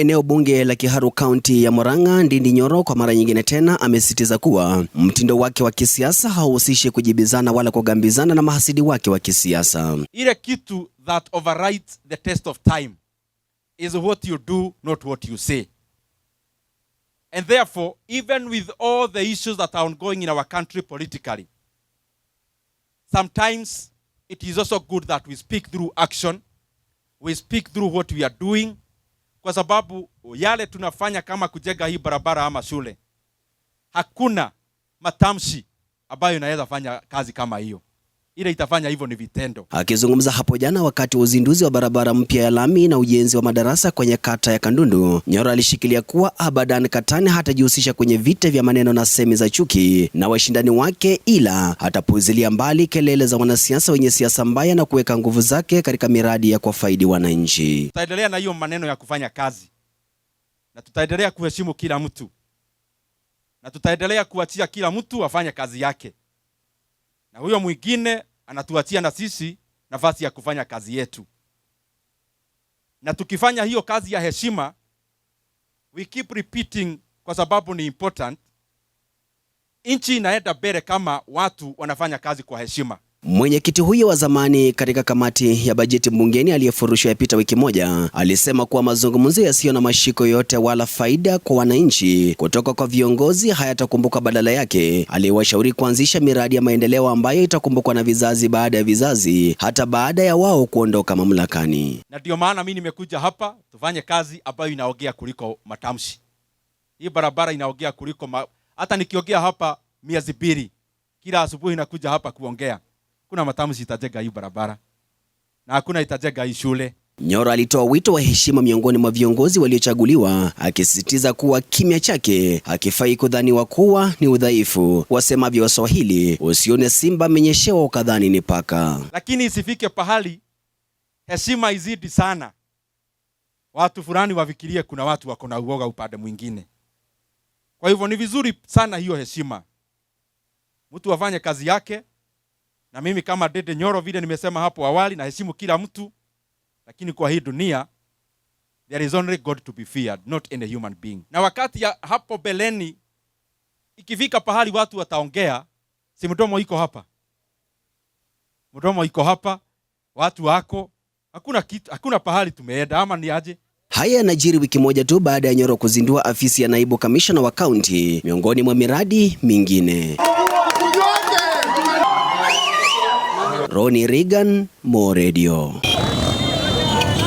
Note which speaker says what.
Speaker 1: eneo bunge la Kiharu kaunti ya Murang'a, Ndindi Nyoro, kwa mara nyingine tena amesisitiza kuwa mtindo wake wa kisiasa hauhusishi kujibizana wala kugambizana na mahasidi wake wa kisiasa.
Speaker 2: Ile kitu that overrides the test of time is what you do not what you say. And therefore, even with all the issues that are ongoing in our country politically, sometimes it is also good that we speak through action, we speak through what we are doing
Speaker 3: kwa sababu yale tunafanya kama kujenga hii barabara ama shule, hakuna matamshi ambayo inaweza fanya kazi kama hiyo ile itafanya hivyo ni vitendo.
Speaker 1: Akizungumza hapo jana wakati wa uzinduzi wa barabara mpya ya lami na ujenzi wa madarasa kwenye kata ya Kandundu, Nyoro alishikilia kuwa abadan Katani hatajihusisha kwenye vita vya maneno na semi za chuki na washindani wake, ila atapuzilia mbali kelele za wanasiasa wenye siasa mbaya na kuweka nguvu zake katika miradi ya kuwafaidi wananchi.
Speaker 3: Tutaendelea na hiyo maneno ya kufanya kazi na tutaendelea kuheshimu kila mtu na tutaendelea kuachia kila mtu afanye kazi yake na huyo mwingine anatuachia na sisi nafasi ya kufanya kazi yetu, na tukifanya hiyo kazi ya heshima, we keep repeating, kwa sababu ni important. Nchi inaenda mbele kama watu wanafanya kazi kwa heshima.
Speaker 1: Mwenyekiti huyo wa zamani katika kamati ya bajeti bungeni aliyefurushwa yapita wiki moja alisema kuwa mazungumzo yasiyo na mashiko yote wala faida kwa wananchi kutoka kwa viongozi hayatakumbuka. Badala yake, aliwashauri kuanzisha miradi ya maendeleo ambayo itakumbukwa na vizazi baada ya vizazi, hata baada ya wao kuondoka mamlakani.
Speaker 3: Na ndio maana mimi nimekuja hapa, tufanye kazi ambayo inaongea kuliko matamshi. Hii barabara inaongea kuliko ma... hata nikiongea hapa miezi mbili, kila asubuhi nakuja hapa kuongea kuna matamshi itajenga hii barabara na hakuna itajenga hii shule.
Speaker 1: Nyoro alitoa wito wa heshima miongoni mwa viongozi waliochaguliwa, akisisitiza kuwa kimya chake hakifai kudhaniwa kuwa ni udhaifu. Wasemavyo Waswahili, usione simba amenyeshewa ukadhani ni paka.
Speaker 3: Lakini isifike pahali heshima izidi sana, watu fulani wafikirie kuna watu wako na uoga upande mwingine. Kwa hivyo ni vizuri sana hiyo heshima, mtu afanye kazi yake na mimi kama Dede Nyoro vile nimesema hapo awali, naheshimu kila mtu, lakini kwa hii dunia there is only God to be feared, not any human being. Na wakati ya hapo beleni ikifika pahali watu wataongea, si mdomo iko hapa, mdomo iko hapa, watu wako hakuna kitu, hakuna pahali tumeenda ama ni aje?
Speaker 1: Haya yanajiri wiki moja tu baada ya Nyoro kuzindua afisi ya naibu kamishna wa kaunti miongoni mwa miradi mingine. Regan Mo Radio.